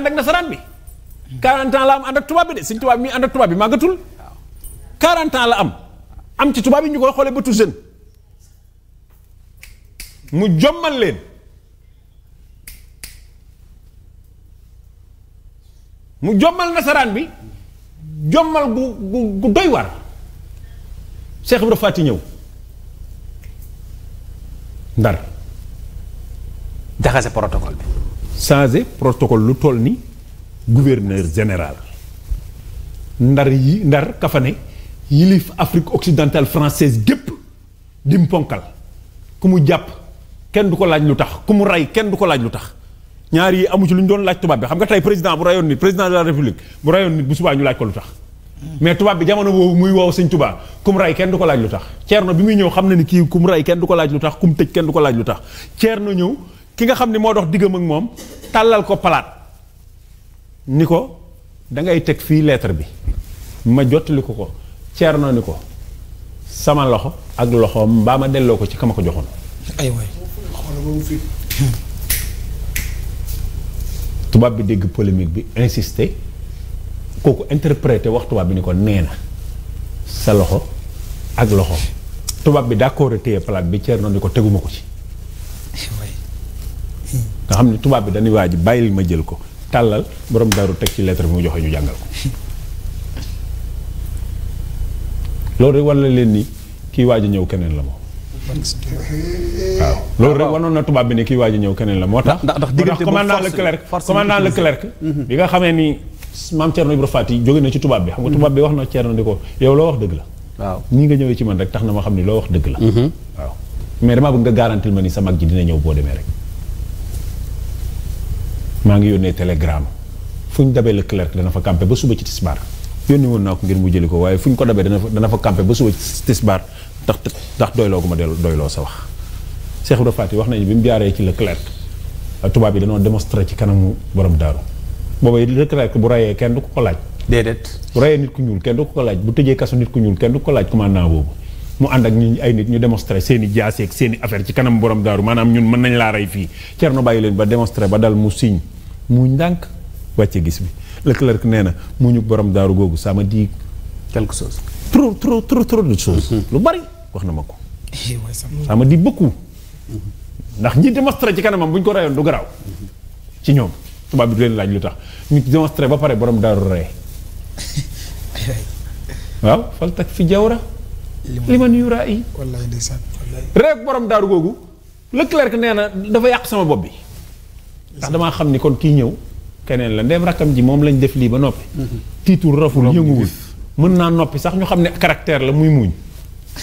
ànd ak nasaraan bi 40 ans la am ànd tubaab bi de suñ tubaab bi muy ànd ak tubaab bi màggatul 40 la am am ci tubaab yi ñu koy xoole bëtu jeune mu jommal leen mu jommal nasaraan bi jommal gu gu gu doy war Cheikh Ibra Faty ñëw ndar jaxase protocole bi changé protocole lu tool ni gouverneur général ndar yi ndar kafane yilif Afrique occidentale française gépp di mu ponkal ku mu jàpp kenn du ko laaj lu tax ku mu rey kenn du ko laaj lu tax ñaar yi amu ci lu ñu doon laaj tubaab bi xam nga tey président bu rayoon nit président de la république bu rayoon nit bu subaa ñu laaj ko lu tax mais tubaab bi jamono boobu muy woow sëñ tubaa ku mu kenn du ko laaj lu tax ceerno bi muy ñëw xam na ni kii ku mu ray du ko laaj lu tax ku mu tëj kenn du ko laaj lu tax ceerno ñëw ki nga xam ni moo dox diggam ak moom tàllal ko palaat ni ko dangay teg fii lettre bi ma jottali ko ko Thierno ni ko sama loxo ak loxoom mbaa ma delloo ko ci kama ko joxoon. ay waay tubaab bi dégg polémique bi insister kooku interprété wax tubaab bi ni ko nee na sa loxo ak loxo tubaab bi d'accord téye palaat bi Thierno ni ko teguma ko ci. nga xam ne tubaab bi dañuy waaj bàyyil ma jël ko tàllal borom daru teg ci lettre bi mu joxe ñu jàngal ko loolu rek wan la leen nii kii waaj a ñëw keneen la moom. waaw loolu rek wanoon na tubaab bi ne kii waaj a ñëw keneen la moo tax. ndax ndax diggante commandant Leclerc commandant Leclerc mhm. bi nga xamee ni maam Thierno Ibrahima yi jóge na ci tubaab bi. xam nga mhm. tubaab bi wax na Thierno di ko yow loo wax dëgg la. waaw nga ñëwee ci man rek tax na ma xam ni loo wax dëgg la. Mhm. waaw mais damaa bëgg ma ni sa mag dina ñëw boo demee rek. maa ngi yónnee télégramme fu ñu dabee Leclerc dana fa campé ba suba ci tisbaar yónni woon naa ko ngir mu jëli ko waaye fu ñu ko dabee dana fa dana fa campé ba suba ci tisbaar ndax ndax doyloo gu ma doyloo sa wax. Cheikh Ibra Faty wax nañu bi mu jaaree ci la Leclerc tubaab yi danoo démonstré ci kanamu borom daaru boobay Leclerc bu rayee kenn du ko ko laaj. déedéet bu rayee nit ku ñuul kenn du ko ko laaj bu tëjee kaso nit ku ñuul kenn du ko laaj commandant boobu. mu anda ak ñi ay nit ñu démontrer seen jassé ak seen affaire ci kanam borom daaru manam ñun mën nañ la ray fi Thierno bàyyi leen ba démontrer ba dal mu signe mu tru wacce gis bi le nee na mu ñu borom daaru gogu ça me dit quelque chose trop trop trop trop de choses mm-hmm. lu bari wax na mako ko eh ça beaucoup ndax ñi démontrer ci kanam buñ ko rayon du graw ci ñom tuba bi leen laaj lutax ñu ba paré borom daaru ray eh waaw fal tak fi jawra li man yuraa yi wallaay ndeysaan rek borom daaru googu Leclerc nee na dafa yàq sama bopp bi ndax damaa xam ni kon kii ñëw keneen la ndeem rakkam ji moom lañ def lii ba noppi mhm. tiitul raful yënguwul mën naa noppi sax ñu xam ne caractère la muy muuñ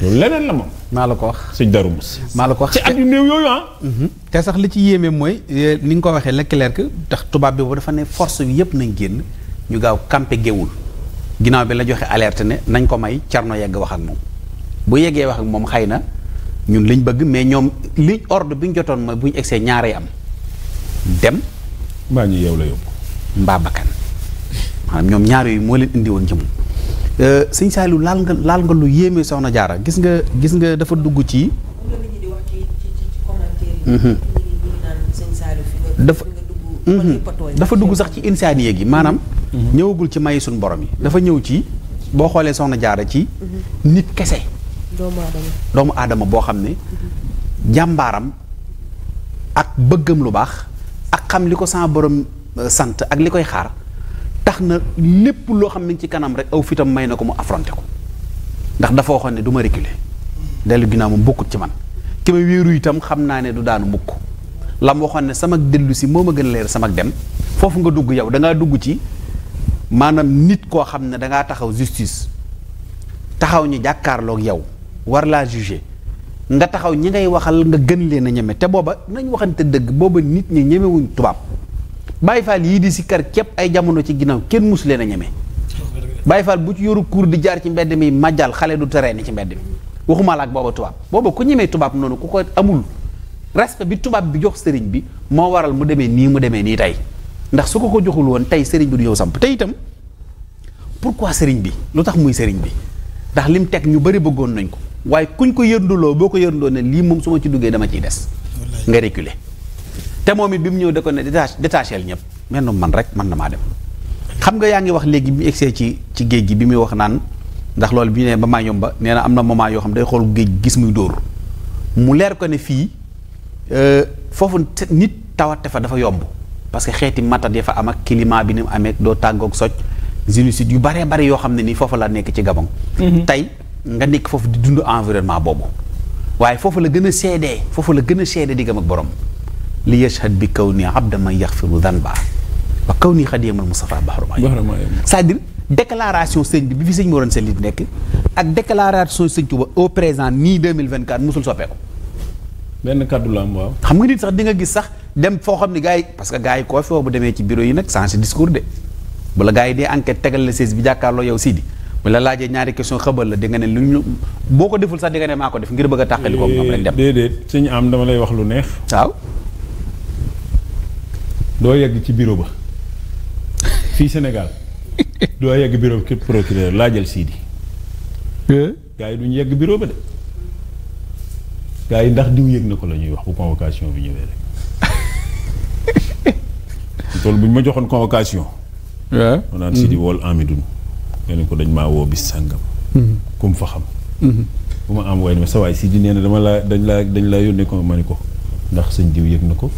loolu leneen la moom maa la ko wax sëñ Darou Moussa maa la ko wax ci at yu néew yooyu ah mhm. te sax li ci yéemee mooy eh, ni nga ko waxee lekk Leclerc ndax tubaab bi boobu dafa ne force bi yëpp nañ génn ñu gaaw campé géwul ginnaaw bi la joxe alerte ne nañ ko may Thierno yegg wax ak moom bu yeggee wax ak moom xay na ñun liñ bëgg mais ñoom liñ ordre bi ñu jotoon mooy bu ñu egsee ñaaree am dem. mbaa ñu yow la yóbbu. mbaa bakkan maanaam ñoom ñaar yooyu moo leen indi woon ci moom euh, sëñ Saliou laal nga laal nga lu yéeme soxna jaara gis nga gis nga dafa dugg ci. Mmh. dafa dafa dugg sax ci insaaniye gi maanaam. ñëwagul ci mayi suñ borom yi dafa ñëw ci boo xoolee soxna jaara ci nit kese doomu aadama boo xam ne jàmbaaram ak bëggam lu baax ak xam li ko sama borom euh, sant ak li koy xaar tax na lépp loo xam ne ci kanam rek aw fitam may na ko mu affronté ko ndax dafa waxoon ne du ma reculer dellu ginnaaw moom bokkut ci man ki ma wéeru itam xam naa ne du daanu mukk lam waxoon ne sama dellu si moo ma gën a leer sama dem foofu nga dugg yow da dugg ci maanaam nit koo xam ne dangaa taxaw justice taxaw ñu jàkkaarlook yow war laa juger nga taxaw ñi ngay waxal nga gën leen ñeme te booba nañ waxante dëgg booba nit ñi ñemewuñ tubaab bay Faal yii di si kar képp ay jamono ci ginnaaw kenn mus leen a ñeme Baay Faal bu ci yoru kuur di jaar ci mbedd mi majjal xale du teree ni ci mbedd mi waxuma la ak booba tubaab booba ku ñemee tubaab noonu ku ko amul respect bi tubaab bi jox sëriñ bi moo waral mu demee nii mu demee nii tey ndax suko ko ko joxul won tay serigne bi du ñëw samp tay itam pourquoi serigne bi lutax muy serigne bi ndax lim tek ñu bari bëggoon nañ ko waaye kuñ ko yërnduloo boko ko ne li mom suma ci duggé dama ci dess nga reculer té momit bimu ñëw da ko ne détachel ñëpp man rek man na dem xam nga yaangi ngi wax légui bi exé ci ci géej gi bimu wax naan ndax lool bi ba ma yomba ba na amna na moment yoo xam day gis muy dóor mu leer ko ne euh fofu nit tawat fa dafa yomb parce que xéti matat ya fa am ak climat bi ni mu amee doo tàggoog soj génocide yu baree bari yo xamné ni fofu la nek ci Gabon. tay nga nek fofu di dund environnement bobu waye fofu la gëna cédé fofu la gëna cédé di gam ak borom li yashhad bi kawni abda man yaghfiru dhanba wa kawni khadimul mustafa bahru ma c'est-à-dire déclaration sëñ bi bi fi sëñ mo ron seen li nek ak déclaration sëñ tuba au présent ni 2024 musul sopé ko benn kaddu la am waaw. xam nga nit sax di nga gis sax dem foo xam ne gars yi parce que gars yi koo fi woo bu demee ci bureau yi nag changé discours de bu la gars yi di enquête tegal la siis bi jàkkaarloo yow Sidi bu la laajee ñaari question xëbal la di nga ne lu ñu boo ko deful sax di nga ne def ngir bëgg a tàqali ko eh, am dama lay wax lu neex. waaw. doo yegg ci bureau ba fii Sénégal doo yegg bureau képp procureur laajal Sidi. Eh? gars yi duñu yegg bureau ba de. gars yi ndax diw yëg na ko la ñuy wax bu convocation bi ñëwee rek. ñu ma joxoon convocation. waaw ma naan si di wool Amidoune. ne ko dañ maa woo bis sàngam. Mm-hmm. kum fa xam. Mm-hmm. bu ma am waaye ne ma sa si di nee dama laa dañ laa dañ laa yónnee ko ma ni ko ndax sëñ diw yëg na ko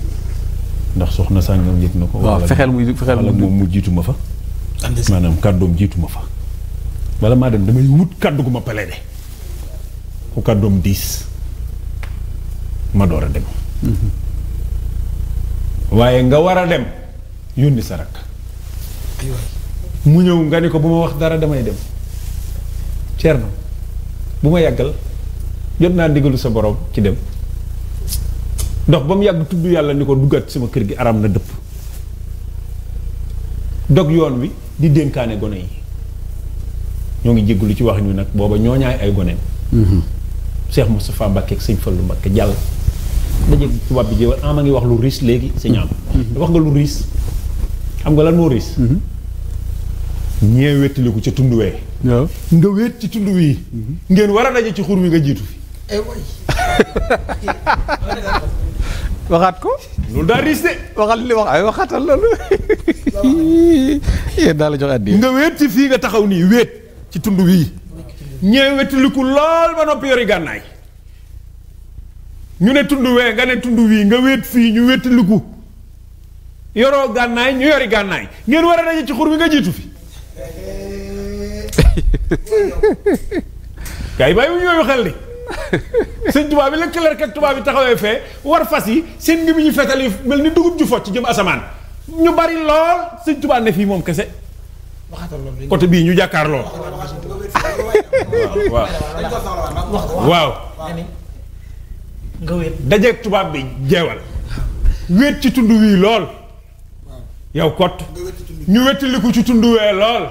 ndax soxna sàngam yëg na ko. waaw fexeel muy fexeel muy moom mu jiitu ma fa. maanaam kàddoom jiitu ma fa. bala maa dem damay wut kàddu gu ma palais de ku kàddoom diis. ma door a dem waaye nga war a dem yónni sa rakk mu ñëw nga ni ko bu ma wax dara damay dem ceerno bu ma yàggal jot naa ndigalu sa borom ci dem dox ba mu yàgg tudd ni ko dugat sama kër gi aram na dëpp dog yoon wi di dénkaane gone yi ñoo ngi jéggulu ci wax ñu nag booba ñoo ay goneen mm-hmm. Cheikh Moustapha Mbacké Sëñ Fallu Mbacké jàll dañu tubaab bi jéewal am ah, ngi wax lu riche léegi sëñ am mhm. wax nga lu riche am nga lan moo riche mhm. ñee ci tundu tund wee nga wet ci tund wii mhm. ngeen wara a ci xur wi nga jitu fi eh, way waxat ko lu da riis de waxal li wax ay waxatal lu ye dal jox addi nga wéet ci fi nga taxaw ni wéet ci tundu wi ñee wettaliku lool ba nopi yori gannaay ñu ne tund wee nga ne tund wii nga wéet fii ñu wéetaliku yoroo gànnaay ñu yori gànnaay ngeen war a daje ci xur bi nga jiitu fi gars yi bàyyi wu yooyu xel ni sëñ tubaab bi la clerc ak tubaab bi taxawee fee war fas yi seen ngi mi ñu fetal yi mel ni dugub ju focc ci jëm asamaan ñu bari lool sëñ tubaab ne fii moom kese côté bii ñu jàkkaar lool waaw waaw nga wéet tubaab bi jeewal. wéet ci tund wii lool. yow kot ñu wétaliku ci tund wee lool.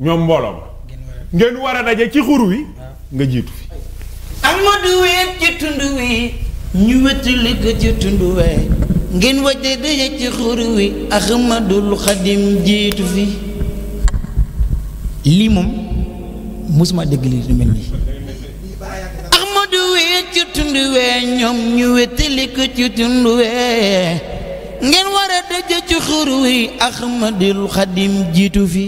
ñoom mbooloo ma. ngeen war a daje ci xur wi. nga jiitu fi. Amadou wéet ci tund wi. ñu wétaliku ci tund wee. ngeen wajje daje ci xur wi. Ahmadul Xadim jiitu fi. lii moom mosuma dégg li lu mel nii. tunduwe ñoom ñu wétali ko ci tunduwe ngeen war a ci xur wi ahmadul khadim jitu fi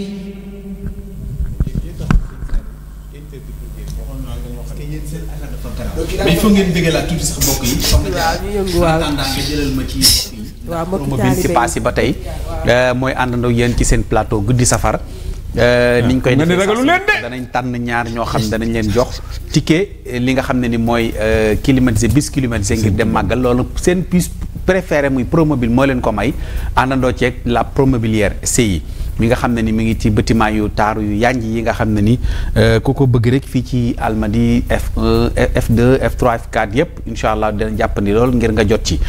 mais il faut ngeen sax yi jëlal ma ci euh, ci passé ci plateau safar Euh, ah, niñ koy defee ragalu leen de danañ tànn ñaar ñoo xam danañ leen jox ticket eh, li nga xam ne ni mooy euh, climatisé bis climatisé ngir dem màggal loolu seen puce préféré muy promobile moo leen ko may àndandoo ceeg la promobilière CI mi nga xam ne ni mi ngi ci bâtiment yu taaru yu yanj yi nga xam ni euh, ku ko bëgg rek fii ci almadi F1 F2 F3 F4 yëpp incha allah dina jàppandi lool ngir nga jot ci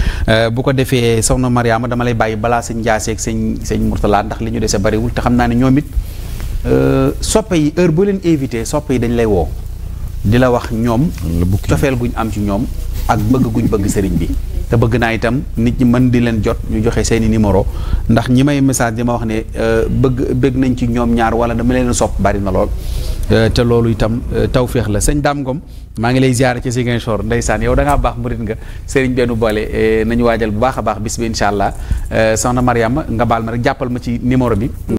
bu ko defee soxna Mariama dama lay bàyyi balaa sëñ Ndiasse ak sëñ sëñ ndax Euh, sopp yi heure boo leen invité sopp yi dañ lay woo di la wax ñoom cofeel guñ am ci ñoom ak bëgg guñ bëgg sëriñ bi te bëgg naa itam nit ñi mën di leen jot ñu joxe seeni numéro ndax ñi may message di ma wax ne euh, bëgg bëgg nañ ci ñoom ñaar wala dama leen sopp bari na lool euh, te loolu itam tawféex la sëñ daam Ngom maa ngi lay ziar ci Ziguinchor ndeysaan yow da baax baax murit nga sëriñ benn boole nañu waajal bu baax a baax bis bi incha allah soxna Mariama nga baal ma jàppal ma ci numéro bi